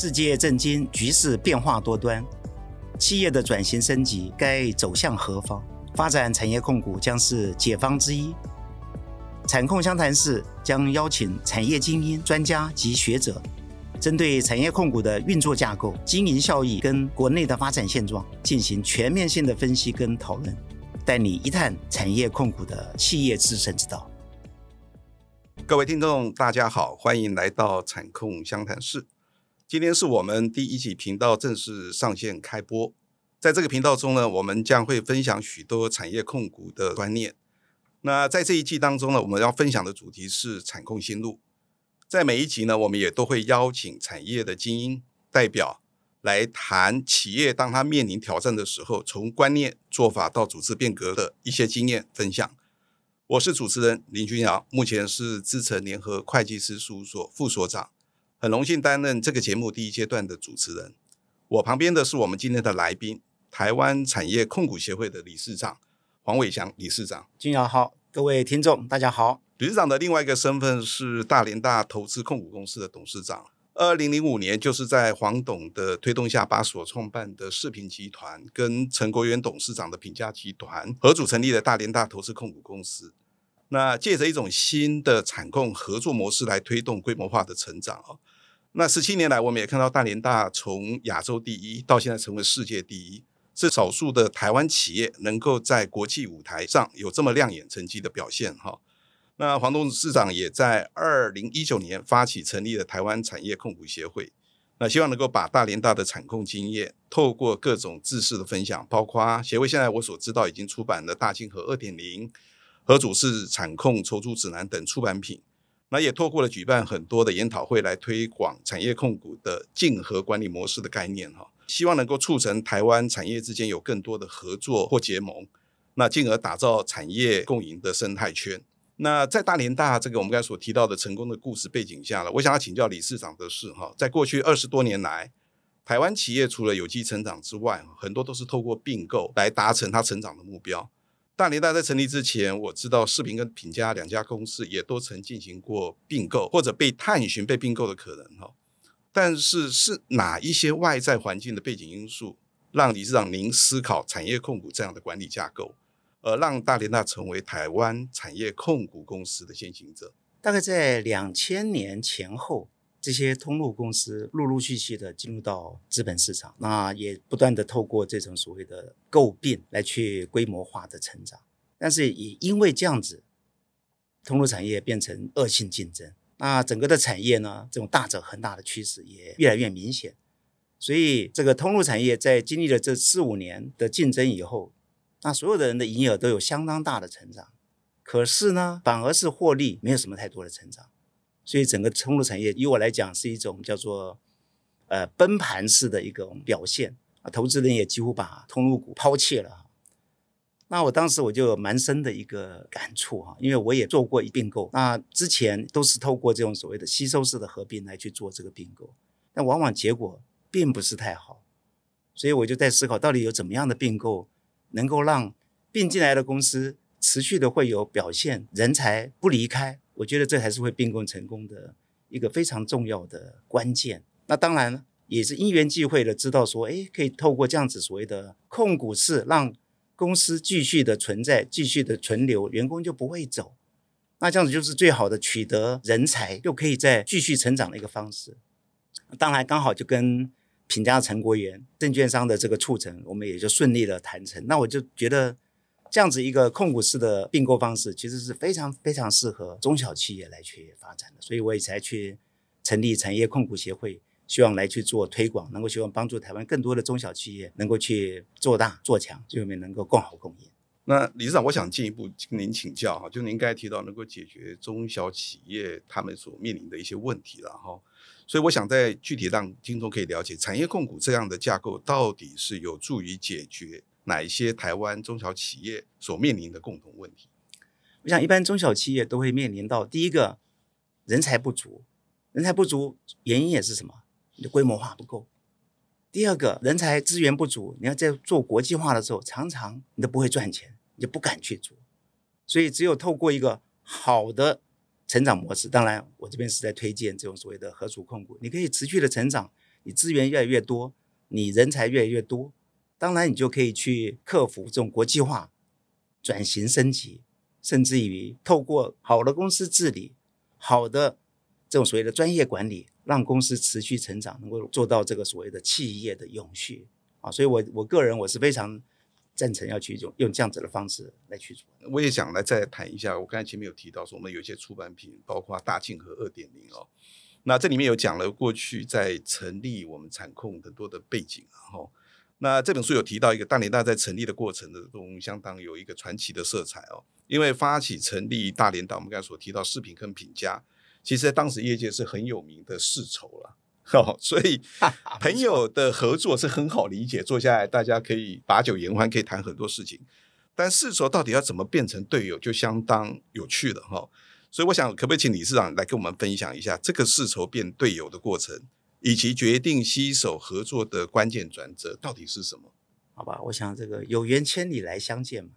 世界震驚，局勢變化多端，企業的轉型升級該走向何方？發展產業控股將是解方之一。產控相談室將邀請產業精英、專家及學者，針對產業控股的運作架構、經營效益跟國內的發展現狀進行全面性的分析跟討論，帶你一探產業控股的企業致勝之道。各位聽眾，大家好，歡迎來到產控相談室。今天是我們第一集頻道正式上線開播，在這個頻道中呢，我們將會分享許多產業控股的觀念。那在這一季當中呢，我們要分享的主題是產控心路。在每一集呢，我們也都會邀請產業的精英代表來談企業當它面臨挑戰的時候，從觀念、做法到組織變革的一些經驗分享。我是主持人林鈞堯，目前是資誠聯合會計師事務所副所長。很榮幸擔任這個節目第一階段的主持人，我旁邊的是我們今天的來賓，台灣產業控股協會的理事長黃偉祥理事長。鈞堯，好，各位聽眾大家好。理事長的另外一個身份是大聯大投資控股公司的董事長。二零零五年就是在黃董的推動下，把所創辦的世平集團跟陳國源董事長的品佳集團合組成立的大聯大投資控股公司。那借着一種新的產控合作模式來推動規模化的成長啊、哦，那十七年來我們也看到大聯大從亞洲第一到現在成為世界第一，是少數的台灣企業能夠在國際舞台上有這麼亮眼成績的表現哈、哦。那黃董事長也在二零一九年發起成立了台灣產業控股協會，那希望能夠把大聯大的產控經驗透過各種知識的分享，包括協會現在我所知道已經出版的大競合二點零》。合組式產控、籌組指南等出版品，那也透過了舉辦很多的研討會來推廣產業控股的競合管理模式的概念，哈，希望能夠促成台灣產業之間有更多的合作或結盟，那進而打造產業共贏的生態圈。那在大聯大這個我們剛才所提到的成功的故事背景下呢，我想要請教理事長的是，哈，在過去二十多年來，台灣企業除了有機成長之外，很多都是透過併購來達成它成長的目標。大聯大在成立之前，我知道世平跟品佳兩家公司也都曾進行過併購，或者被探尋被併購的可能哈，但是是哪一些外在環境的背景因素，讓理事長您思考產業控股這樣的管理架構，而讓大聯大成為台灣產業控股公司的先行者？大概在兩千年前後。這些通路公司陸陸續續的進入到資本市場，那也不斷的透過這種所謂的併購來去規模化的成長，但是也因為這樣子，通路產業變成惡性競爭，那整個的產業呢，這種大者恆大的趨勢也越來越明顯，所以這個通路產業在經歷了這四五年的競爭以後，那所有的人的營業額都有相當大的成長，可是呢，反而是獲利沒有什麼太多的成長。所以整個通路產業，以我來講是一種叫做，呃，崩盤式的一種表現啊，投資人也幾乎把通路股拋棄了。那我當時我就有蠻深的一個感觸哈、啊，因為我也做過一併購，那之前都是透過這種所謂的吸收式的合併來去做這個併購，但往往結果並不是太好，所以我就在思考到底有怎麼樣的併購能夠讓併進來的公司持續的會有表現，人才不離開。我覺得這還是會併購成功的一個非常重要的關鍵。那當然也是因緣際會的，知道說，誒，可以透過這樣子所謂的控股式，讓公司繼續的存在，繼續的存留，員工就不會走。那這樣子就是最好的取得人才，又可以再繼續成長的一個方式。當然，剛好就跟品家陳國元證券商的這個促成，我們也就順利的談成。那我就覺得。這樣子一個控股式的併購方式，其實是非常非常適合中小企業來去發展的，所以我也才去成立產業控股協會，希望來去做推廣，能夠希望幫助台灣更多的中小企業能夠去做大做強，最後面能夠共好共贏。那理事長，我想進一步跟您請教哈，就您剛才提到能夠解決中小企業他們所面臨的一些問題了哈，所以我想在具體上，聽眾可以了解產業控股這樣的架構到底是有助於解決。哪一些台灣中小企業所面臨的共同問題？我想，一般中小企業都會面臨到第一個，人才不足。人才不足原因也是什麼？你的規模化不夠。第二個，人才資源不足。你要在做國際化的時候，常常你都不會賺錢，你就不敢去做。所以，只有透過一個好的成長模式。當然，我這邊是在推薦這種所謂的合組控股。你可以持續的成長，你資源越來越多，你人才越來越多。當然，你就可以去克服這種國際化、轉型升級，甚至於透過好的公司治理、好的這種所謂的專業管理，讓公司持續成長，能夠做到這個所謂的企業的永續啊。所以我，我我個人我是非常贊成要去用用這樣子的方式來去做。我也想來再談一下，我剛才前面有提到說，我們有一些出版品，包括大進和二點零哦，那這裡面有講了過去在成立我們產控很多的背景啊，然後哦。那這本書有提到一個大聯大在成立的過程當中，相當有一個傳奇的色彩哦。因為發起成立大聯大，我們剛才所提到世平跟品佳，其實在當時業界是很有名的世仇了、啊、所以朋友的合作是很好理解，坐下來大家可以把酒言歡，可以談很多事情。但世仇到底要怎麼變成隊友，就相當有趣了哈。所以我想，可不可以請理事長來跟我們分享一下這個世仇變隊友的過程？以及決定攜手合作的關鍵轉折到底是什麼？好吧，我想這個有緣千里來相見嘛。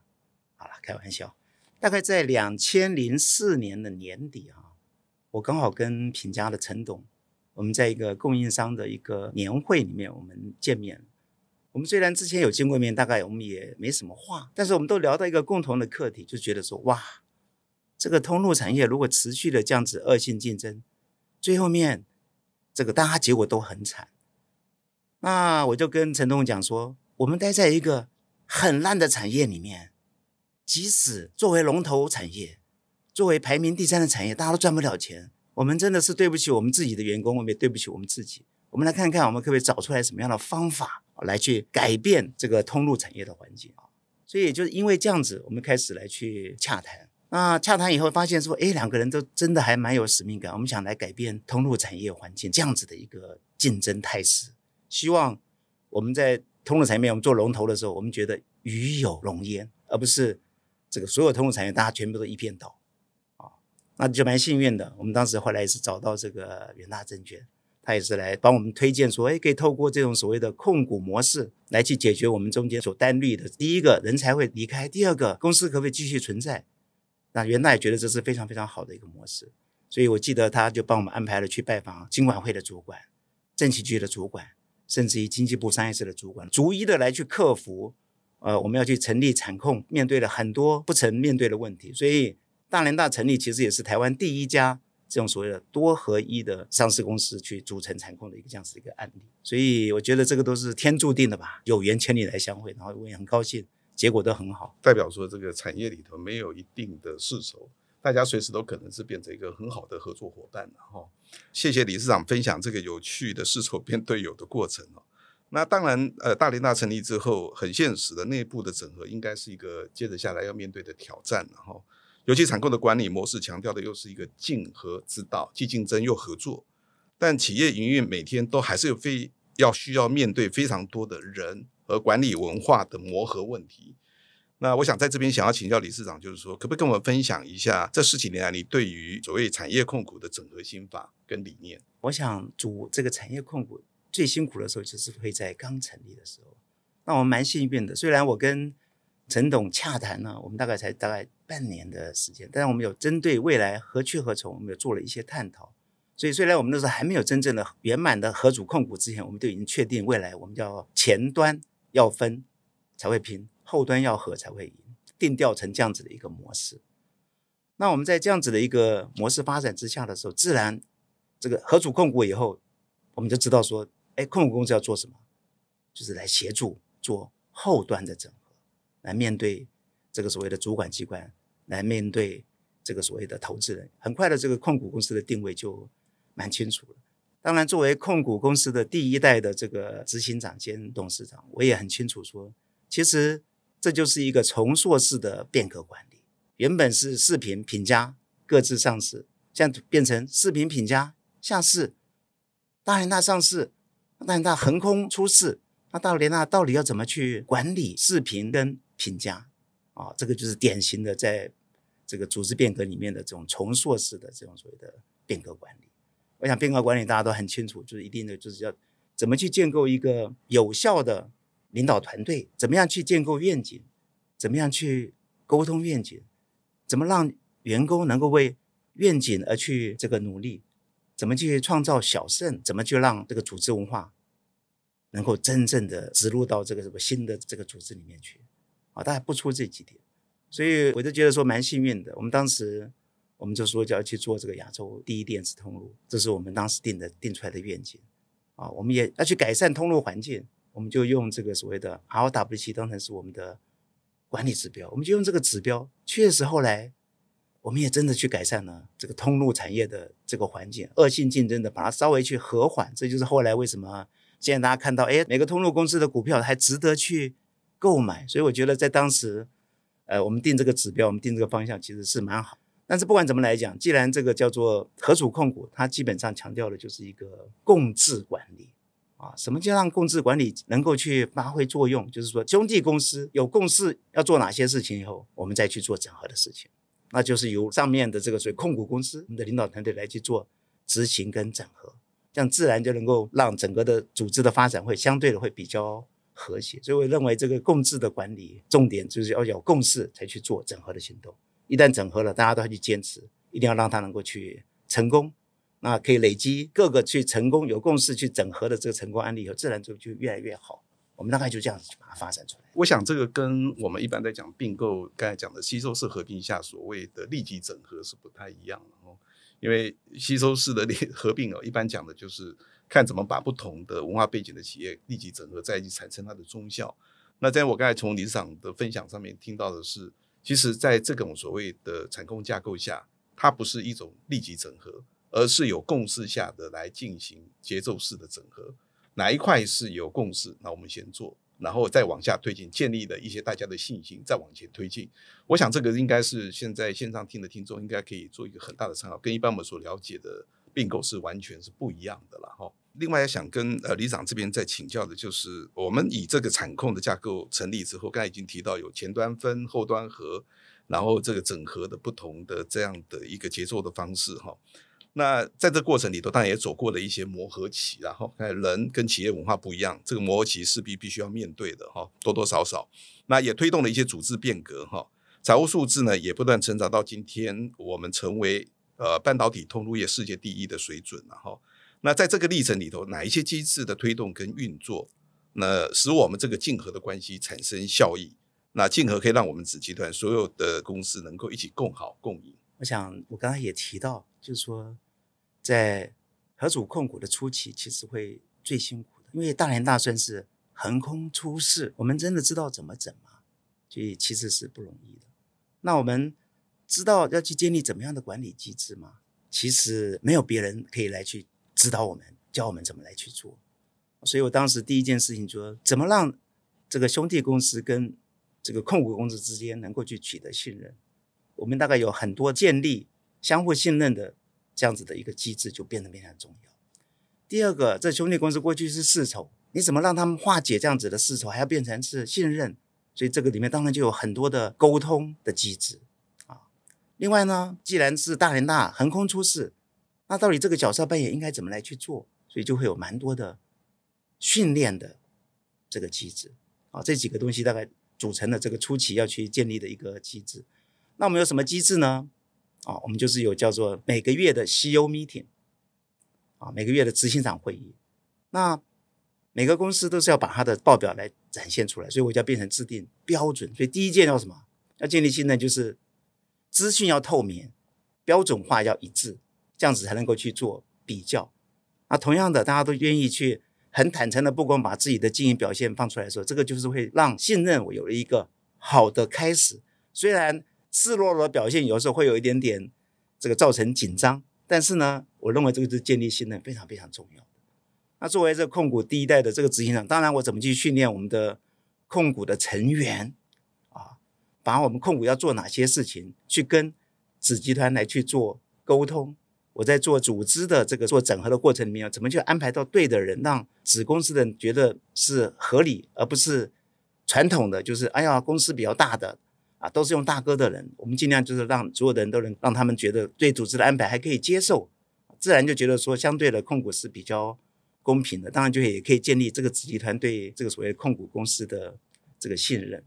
好了，開玩笑。大概在兩千零四年的年底啊，我剛好跟品佳的陳董，我們在一個供應商的一個年會裡面，我們見面。我們雖然之前有見過面，大概我們也沒什麼話，但是我們都聊到一個共同的課題，就覺得說哇，這個通路產業如果持續的這樣子惡性競爭，最後面。這個，大家結果都很慘。那我就跟陳東講說，我們待在一個很爛的產業裡面，即使作為龍頭產業，作為排名第三的產業，大家都賺不了錢。我們真的是對不起我們自己的員工，我們也對不起我們自己。我們來看看，我們可不可以找出來什麼樣的方法來去改變這個通路產業的環境啊？所以就是因為這樣子，我們開始來去洽談。那洽談以後發現說，哎，兩個人都真的還蠻有使命感。我們想來改變通路產業環境這樣子的一個競爭態勢，希望我們在通路產業面，我們做龍頭的時候，我們覺得與有榮焉，而不是這個所有通路產業大家全部都一片倒啊、哦。那就蠻幸運的。我們當時後來也是找到這個元大證券，他也是來幫我們推薦說，哎，可以透過這種所謂的控股模式來去解決我們中間所擔慮的，第一個人才會離開，第二個公司可不可以繼續存在？那袁大也覺得這是非常非常好的一個模式，所以我記得他就幫我們安排了去拜訪經管會的主管、政企局的主管，甚至於經濟部商業司的主管，逐一的來去克服，呃，我們要去成立產控，面對了很多不曾面對的問題。所以大聯大成立其實也是台灣第一家這種所謂的多合一的上市公司去組成產控的一個這樣子一個案例。所以我覺得這個都是天注定的吧，有緣千里來相會，然後我也很高興。結果都很好，代表說這個產業裡頭沒有一定的世仇，大家隨時都可能是變成一個很好的合作夥伴。然後謝謝理事長分享這個有趣的世仇變隊友的過程。那當然，呃，大聯大成立之後，很現實的內部的整合，應該是一個接着下來要面對的挑戰。然後尤其產控的管理模式強調的又是一個競合之道，既競爭又合作，但企業營運每天都還是有非要需要面對非常多的人和管理文化的磨合問題。那我想在這邊想要請教理事長，就是說，可不可以跟我們分享一下這十幾年來你對於所謂產業控股的整合心法跟理念？我想組這個產業控股最辛苦的時候，就是會在剛成立的時候。那我們蠻幸運的，雖然我跟陳董洽談了，我們大概才大概半年的時間，但是我們有針對未來何去何從，我們有做了一些探討。所以雖然我們那時候還沒有真正的圓滿的合組控股之前，我們都已經確定未來我們叫前端。要分才會拼，後端要合才會贏，定調成這樣子的一個模式。那我們在這樣子的一個模式發展之下的時候，自然這個合組控股以後，我們就知道說，哎，控股公司要做什麼，就是來協助做後端的整合，來面對這個所謂的主管機關，來面對這個所謂的投資人。很快的，這個控股公司的定位就蠻清楚了。當然，作為控股公司的第一代的這個執行長兼董事長，我也很清楚，說其實這就是一個重塑式的變革管理。原本是世平品佳各自上市，現在變成世平品佳下市，大聯大上市，大聯大橫空出世，那大聯大到底要怎麼去管理世平跟品佳，啊，這個就是典型的在這個組織變革裡面的這種重塑式的這種所謂的變革管理。我想，變革管理大家都很清楚，就是一定的，就是要怎麼去建構一個有效的領導團隊，怎麼樣去建構願景，怎麼樣去溝通願景，怎麼讓員工能夠為願景而去這個努力，怎麼去創造小勝，怎麼去讓這個組織文化能夠真正的植入到這個什麼新的這個組織裡面去啊？大家不出這幾點，所以我就覺得說蠻幸運的，我們當時。我們就說，就要去做這個亞洲第一電子通路，這是我們當時定的、定出來的願景啊。我們也要去改善通路環境，我們就用這個所謂的 RWC 當成是我們的管理指標，我們就用這個指標，確實後來我們也真的去改善了這個通路產業的這個環境，惡性競爭的把它稍微去和緩。這就是後來為什麼現在大家看到，哎，每個通路公司的股票還值得去購買。所以我覺得，在當時，呃，我們定這個指標，我們定這個方向，其實是蠻好。但是不管怎麼來講，既然這個叫做合組控股，它基本上強調的就是一個共治管理啊。什麼叫讓共治管理能夠去發揮作用？就是說兄弟公司有共識要做哪些事情以後，我們再去做整合的事情，那就是由上面的這個所謂控股公司、我們的領導團隊來去做執行跟整合，這樣自然就能夠讓整個的組織的發展會相對的會比較和諧。所以我認為這個共治的管理重點就是要有共識才去做整合的行動。一旦整合了，大家都要去堅持，一定要讓它能夠去成功，那可以累積各個去成功、有共識去整合的這個成功案例以後，有自然就就越來越好。我們大概就這樣子去把它發展出來。我想這個跟我們一般在講併購，剛才講的吸收式合併下所謂的立即整合是不太一樣的哦，因為吸收式的合合併哦，一般講的就是看怎麼把不同的文化背景的企業立即整合在一起，產生它的綜效。那在我剛才從理事長的分享上面聽到的是。其實，在這種所謂的產控架構下，它不是一種立即整合，而是有共識下的來進行節奏式的整合。哪一塊是有共識，那我們先做，然後再往下推進，建立了一些大家的信心，再往前推進。我想這個應該是現在線上聽的聽眾應該可以做一個很大的參考，跟一般我們所了解的併購是完全是不一樣的了哈。另外，想跟呃理長這邊再請教的，就是我們以這個產控的架構成立之後，剛才已經提到有前端分，後端合，然後這個整合的不同的這樣的一個節奏的方式哈。那在這過程裡頭，當然也走過了一些磨合期，然後看人跟企業文化不一樣，這個磨合期勢必必須要面對的哈，多多少少。那也推動了一些組織變革哈，財務數字呢也不斷成長到今天我們成為呃半導體通路業世界第一的水準了哈那在這個歷程裡頭，哪一些機制的推動跟運作，那使我們這個競合的關係產生效益？那競合可以讓我們子集團所有的公司能夠一起共好共贏。我想我剛才也提到，就是說，在合組控股的初期，其實會最辛苦的，因為大聯大算是橫空出世，我們真的知道怎麼整嗎？所以其實是不容易的。那我們知道要去建立怎麼樣的管理機制嗎？其實沒有別人可以來去。指導我們，教我們怎麼來去做。所以我當時第一件事情就是怎麼讓這個兄弟公司跟這個控股公司之間能夠去取得信任。我們大概有很多建立相互信任的這樣子的一個機制，就變得非常重要。第二個，這兄弟公司過去是世仇，你怎麼讓他們化解這樣子的世仇，還要變成是信任？所以這個裡面當然就有很多的溝通的機制啊。另外呢，既然是大聯大橫空出世。那到底這個角色扮演應該怎麼來去做？所以就會有蠻多的訓練的這個機制啊，這幾個東西大概組成了這個初期要去建立的一個機制。那我們有什麼機制呢？啊，我們就是有叫做每個月的 CEO meeting 啊，每個月的執行長會議。那每個公司都是要把它的報表來展現出來，所以我就要變成制定標準。所以第一件要什麼？要建立信任，就是資訊要透明，標準化要一致。這樣子才能夠去做比較，啊，同樣的，大家都願意去很坦誠的，不光把自己的經營表現放出來的時候，這個就是會讓信任我有了一個好的開始。雖然赤裸裸的表現有時候會有一點點這個造成緊張，但是呢，我認為這個是建立信任非常非常重要。那作為這個控股第一代的這個執行長，當然我怎麼去訓練我們的控股的成員啊，把我們控股要做哪些事情去跟子集團來去做溝通。我在做組織的這個做整合的過程裡面，怎麼去安排到對的人，讓子公司的人覺得是合理，而不是傳統的就是哎呀公司比較大的啊，都是用大哥的人，我們盡量就是讓所有的人都能讓他們覺得對組織的安排還可以接受，自然就覺得說相對的控股是比較公平的，當然就也可以建立這個子集團對這個所謂控股公司的這個信任。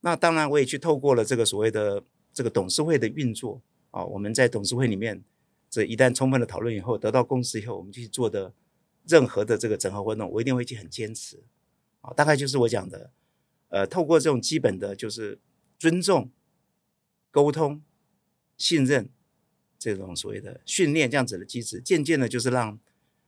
那當然我也去透過了這個所謂的這個董事會的運作啊，我們在董事會裡面。這一旦充分的討論以後，得到共識以後，我們去做的任何的這個整合活動，我一定會去很堅持，啊、哦，大概就是我講的，呃，透過這種基本的就是尊重、溝通、信任這種所謂的訓練這樣子的機制，漸漸的，就是讓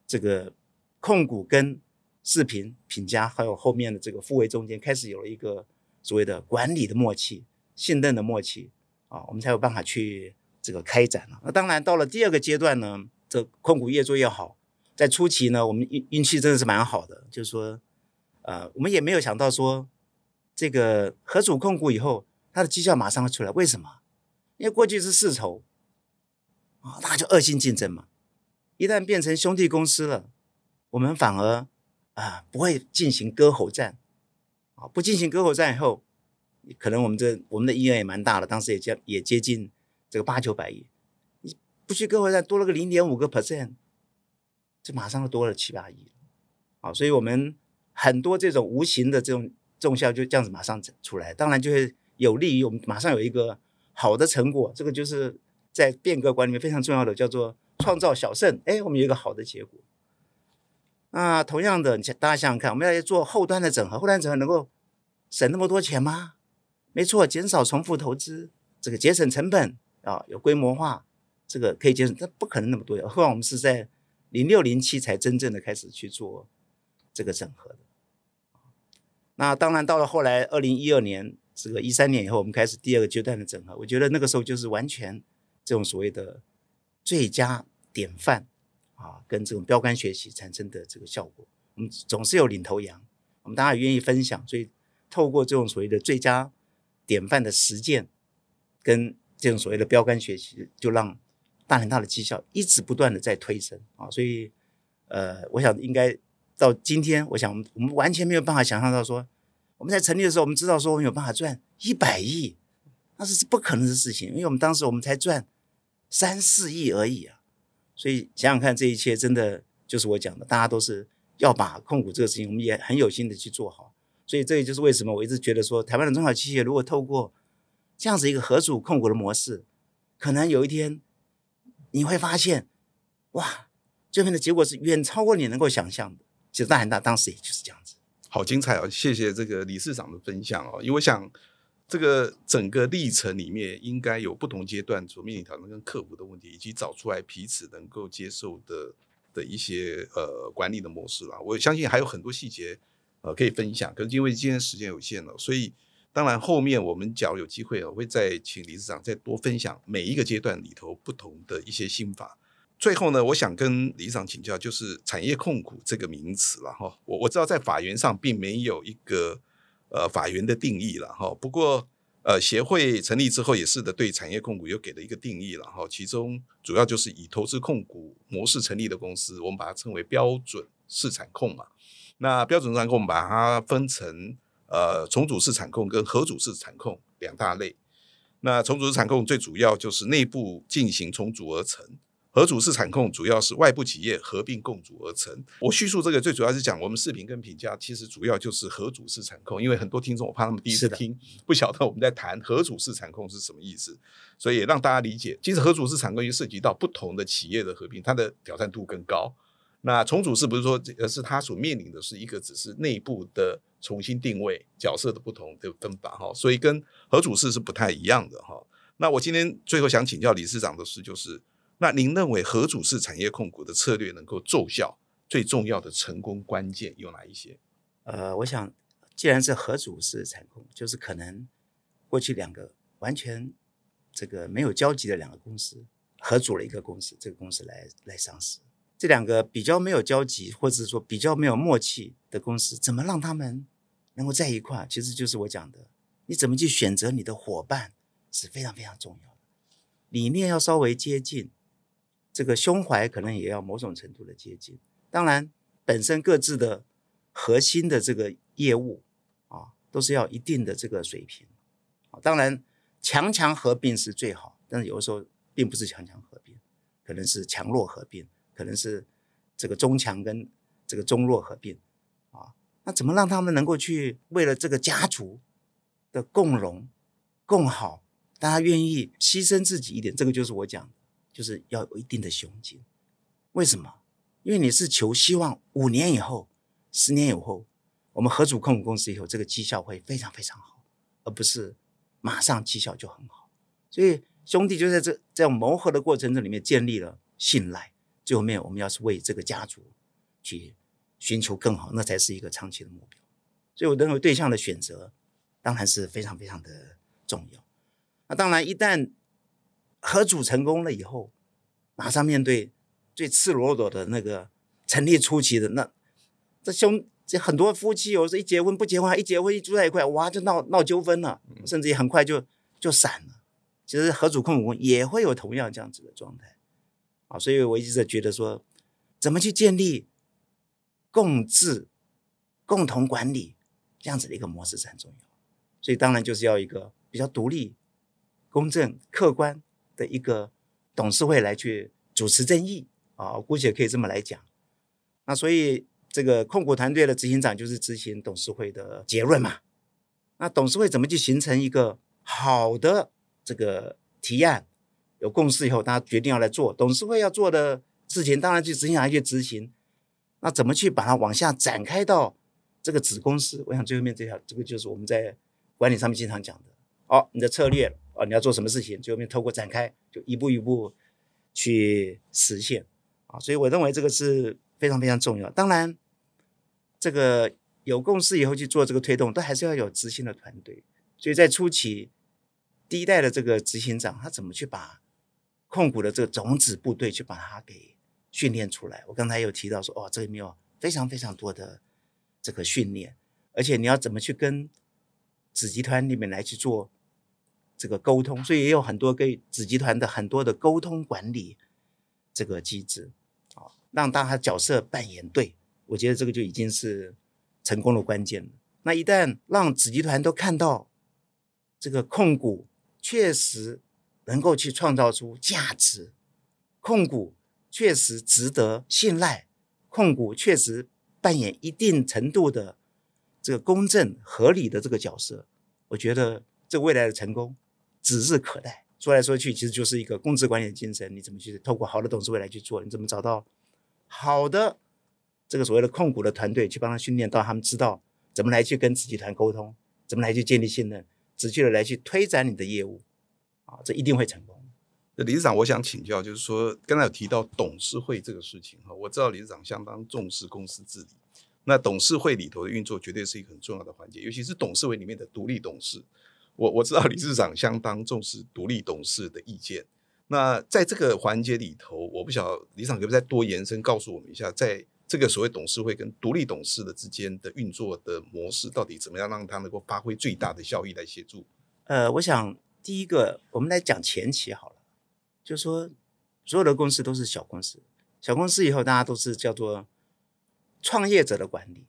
這個控股跟世平、品佳，還有後面的這個復位中間開始有了一個所謂的管理的默契、信任的默契啊、哦，我們才有辦法去。這個開展了、啊，那當然到了第二個階段呢，這控股越做越好。在初期呢，我們運運氣真的是蠻好的，就是說，呃，我們也沒有想到說，這個合組控股以後，它的績效馬上會出來。為什麼？因為過去是世仇啊、哦，那就惡性競爭嘛。一旦變成兄弟公司了，我們反而啊、呃、不會進行割喉戰啊、哦，不進行割喉戰以後，可能我們這我們的意願也蠻大的，當時也將也接近，這個八九百億，你不去各位再多了個零點五個 percent，這馬上就多了七八億了，啊！所以我們很多這種無形的這種重效就這樣子馬上整出來，當然就會有利於我們馬上有一個好的成果。這個就是在變革管理裡面非常重要的叫做創造小勝。哎，我們有一個好的結果。那同樣的，你大家想想看，我們要做後端的整合，後端的整合能夠省那麼多錢嗎？沒錯，減少重複投資，這個節省成本。啊、哦，有規模化，這個可以接受，但不可能那麼多。後來我們是在零六零七才真正的開始去做這個整合的。那當然到了後來二零一二年，這個一三年以後，我們開始第二個階段的整合。我覺得那個時候就是完全這種所謂的最佳典範啊，跟這種標杆學習產生的這個效果。我們總是有領頭羊，我們當然也願意分享，所以透過這種所謂的最佳典範的實踐跟。這種所謂的標杆學習，就讓大聯大的績效一直不斷的在推升啊。所以，呃，我想應該到今天，我想我們完全沒有辦法想象到說，我們在成立的時候，我們知道說我們有辦法賺一百億，那是是不可能的事情，因為我們當時我們才賺三四億而已啊。所以想想看，這一切真的就是我講的，大家都是要把控股這個事情，我們也很有心的去做好。所以這也就是為什麼我一直覺得說，台灣的中小企業如果透過這樣子一個合組控股的模式，可能有一天你會發現，哇，最後的結果是遠超過你能夠想象的。其實大聯大當時也就是這樣子，好精彩哦！謝謝這個理事長的分享哦，因為我想這個整個歷程裡面應該有不同階段所面臨挑戰跟克服的問題，以及找出來彼此能夠接受的的一些呃管理的模式了。我相信還有很多細節呃可以分享，可是因為今天時間有限了，所以。當然，後面我們假如有機會，我會再請理事長再多分享每一個階段裡頭不同的一些心法。最後呢，我想跟理事長請教，就是產業控股這個名詞了哈。我我知道在法源上並沒有一個呃法源的定義了哈。不過呃，協會成立之後也是的，對產業控股又給了一個定義了哈。其中主要就是以投資控股模式成立的公司，我們把它稱為標準式產控嘛。那標準式產控我們把它分成。呃，重組式產控跟合組式產控兩大類。那重組式產控最主要就是內部進行重組而成，合組式產控主要是外部企業合併共組而成。我敘述這個最主要是講我們視頻跟評價，其實主要就是合組式產控，因為很多聽眾我怕他們第一次聽是的 不曉得我們在談合組式產控是什麼意思，所以也讓大家理解。其實合組式產控也涉及到不同的企業的合併，它的挑戰度更高。那重組式不是說，而是它所面臨的是一個只是內部的。重新定位角色的不同的分法哈，所以跟合組式是不太一樣的哈。那我今天最後想請教理事長的是，就是，就是那您認為合組式產業控股的策略能夠奏效，最重要的成功關鍵有哪一些？呃，我想，既然是合組式產控就是可能過去兩個完全這個沒有交集的兩個公司合組了一個公司，這個公司來來上市，這兩個比較沒有交集，或者說比較沒有默契的公司，怎麼讓他們？能夠在一塊，其實就是我講的，你怎麼去選擇你的伙伴是非常非常重要的。理念要稍微接近，這個胸懷可能也要某種程度的接近。當然，本身各自的核心的這個業務啊，都是要一定的這個水平。啊，當然，強強合併是最好，但是有的時候並不是強強合併，可能是強弱合併，可能是這個中強跟這個中弱合併。那怎麼讓他們能夠去為了這個家族的共榮、共好，大家願意犧牲自己一點？這個就是我講的，就是要有一定的胸襟。為什麼？因為你是求希望五年以後、十年以後，我們合組控股公司以後，這個績效會非常非常好，而不是馬上績效就很好。所以兄弟就在這在磨合的過程這裡面建立了信賴。最後面我們要是為這個家族去。尋求更好，那才是一個長期的目標。所以我認為對象的選擇，當然是非常非常的重要。那當然，一旦合組成功了以後，馬上面對最赤裸裸的那個成立初期的那，這兄這很多夫妻，有時候一結婚不結婚，一結婚一住在一塊，哇，就鬧鬧糾紛了，甚至也很快就就散了。其實合組控股也會有同樣這樣子的狀態啊。所以我一直覺得說，怎麼去建立？共治、共同管理這樣子的一個模式是很重要，所以當然就是要一個比較獨立、公正、客觀的一個董事會來去主持正義。啊、哦。我估計也可以這麼來講。那所以這個控股團隊的執行長就是執行董事會的結論嘛。那董事會怎麼去形成一個好的這個提案？有共識以後，大家決定要來做，董事會要做的事情，當然去執行還去執行。那怎麼去把它往下展開到這個子公司？我想最後面這條這個就是我們在管理上面經常講的。哦，你的策略哦，你要做什麼事情？最後面透過展開，就一步一步去實現啊、哦。所以我認為這個是非常非常重要。當然，這個有共識以後去做這個推動，都還是要有執行的團隊。所以在初期，第一代的這個執行長，他怎麼去把控股的這個種子部隊去把它給？訓練出來，我剛才有提到說，哦，這裡面有非常非常多的這個訓練，而且你要怎麼去跟子集團裡面來去做這個溝通，所以也有很多跟子集團的很多的溝通管理這個機制，啊、哦，讓大家角色扮演對，我覺得這個就已經是成功的關鍵了。那一旦讓子集團都看到這個控股確實能夠去創造出價值，控股。確實值得信賴，控股確實扮演一定程度的這個公正合理的這個角色。我覺得這未來的成功指日可待。說來說去，其實就是一個公司管理的精神，你怎麼去透過好的董事會來去做？你怎麼找到好的這個所謂的控股的團隊，去幫他訓練到他們知道怎麼來去跟子集團溝通，怎麼來去建立信任，直接的來去推展你的業務？啊，這一定會成功。李理事長，我想請教，就是說剛才有提到董事會這個事情哈，我知道理事長相當重視公司治理，那董事會裡頭的運作絕對是一個很重要的環節，尤其是董事會裡面的獨立董事，我我知道理事長相當重視獨立董事的意見。那在這個環節裡頭，我不曉得理事長可不可以再多延伸告訴我們一下，在這個所謂董事會跟獨立董事之的之間的運作的模式，到底怎麼樣讓他能夠發揮最大的效益來協助？呃，我想第一個我們來講前期好了。就說所有的公司都是小公司，小公司以後大家都是叫做創業者的管理，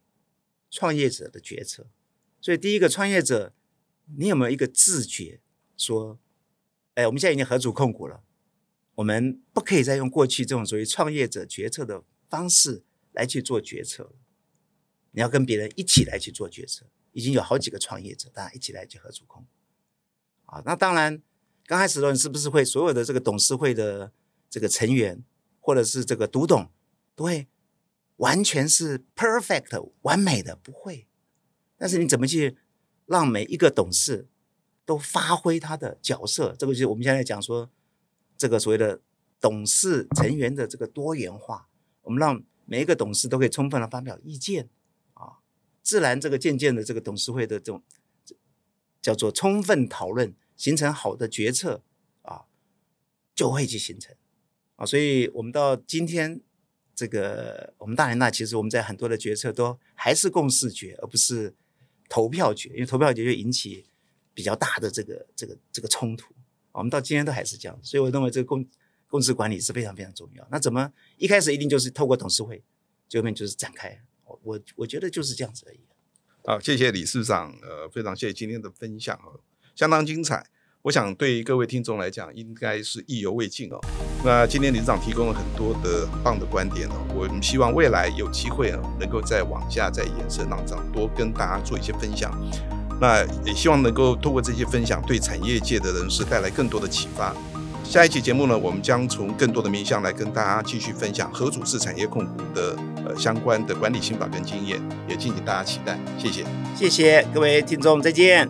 創業者的決策。所以第一個創業者，你有沒有一個自覺？說，哎，我們現在已經合組控股了，我們不可以再用過去這種作為創業者決策的方式來去做決策。你要跟別人一起來去做決策。已經有好幾個創業者，大家一起來去合組控股。啊，那當然。剛開始的時候，你是不是會所有的這個董事會的這個成員，或者是這個獨董，都會完全是 perfect 完美的，不會。但是你怎麼去讓每一個董事都發揮他的角色？這個就是我們現在講說，這個所謂的董事成員的這個多元化，我們讓每一個董事都可以充分的發表意見啊，自然這個漸漸的這個董事會的這種叫做充分討論。形成好的決策啊，就會去形成啊，所以我們到今天，這個我們大聯大其實我們在很多的決策都還是共識決，而不是投票決，因為投票決就引起比較大的這個這個這個衝突，啊。我們到今天都還是這樣，所以我認為這個共共識管理是非常非常重要。那怎麼一開始一定就是透過董事會，最後面就是展開。我我覺得就是這樣子而已。好，謝謝理事長，呃，非常謝謝今天的分享。相當精彩，我想對於各位聽眾來講，應該是意猶未盡哦。那今天理事長提供了很多的很棒的觀點哦，我們希望未來有機會啊，能夠再往下再延伸，讓長多跟大家做一些分享。那也希望能夠透過這些分享，對產業界的人士帶來更多的啟發。下一期節目呢，我們將從更多的面向來跟大家繼續分享合組式產業控股的呃相關的管理心法跟經驗，也敬請大家期待。謝謝，謝謝各位聽眾，再見。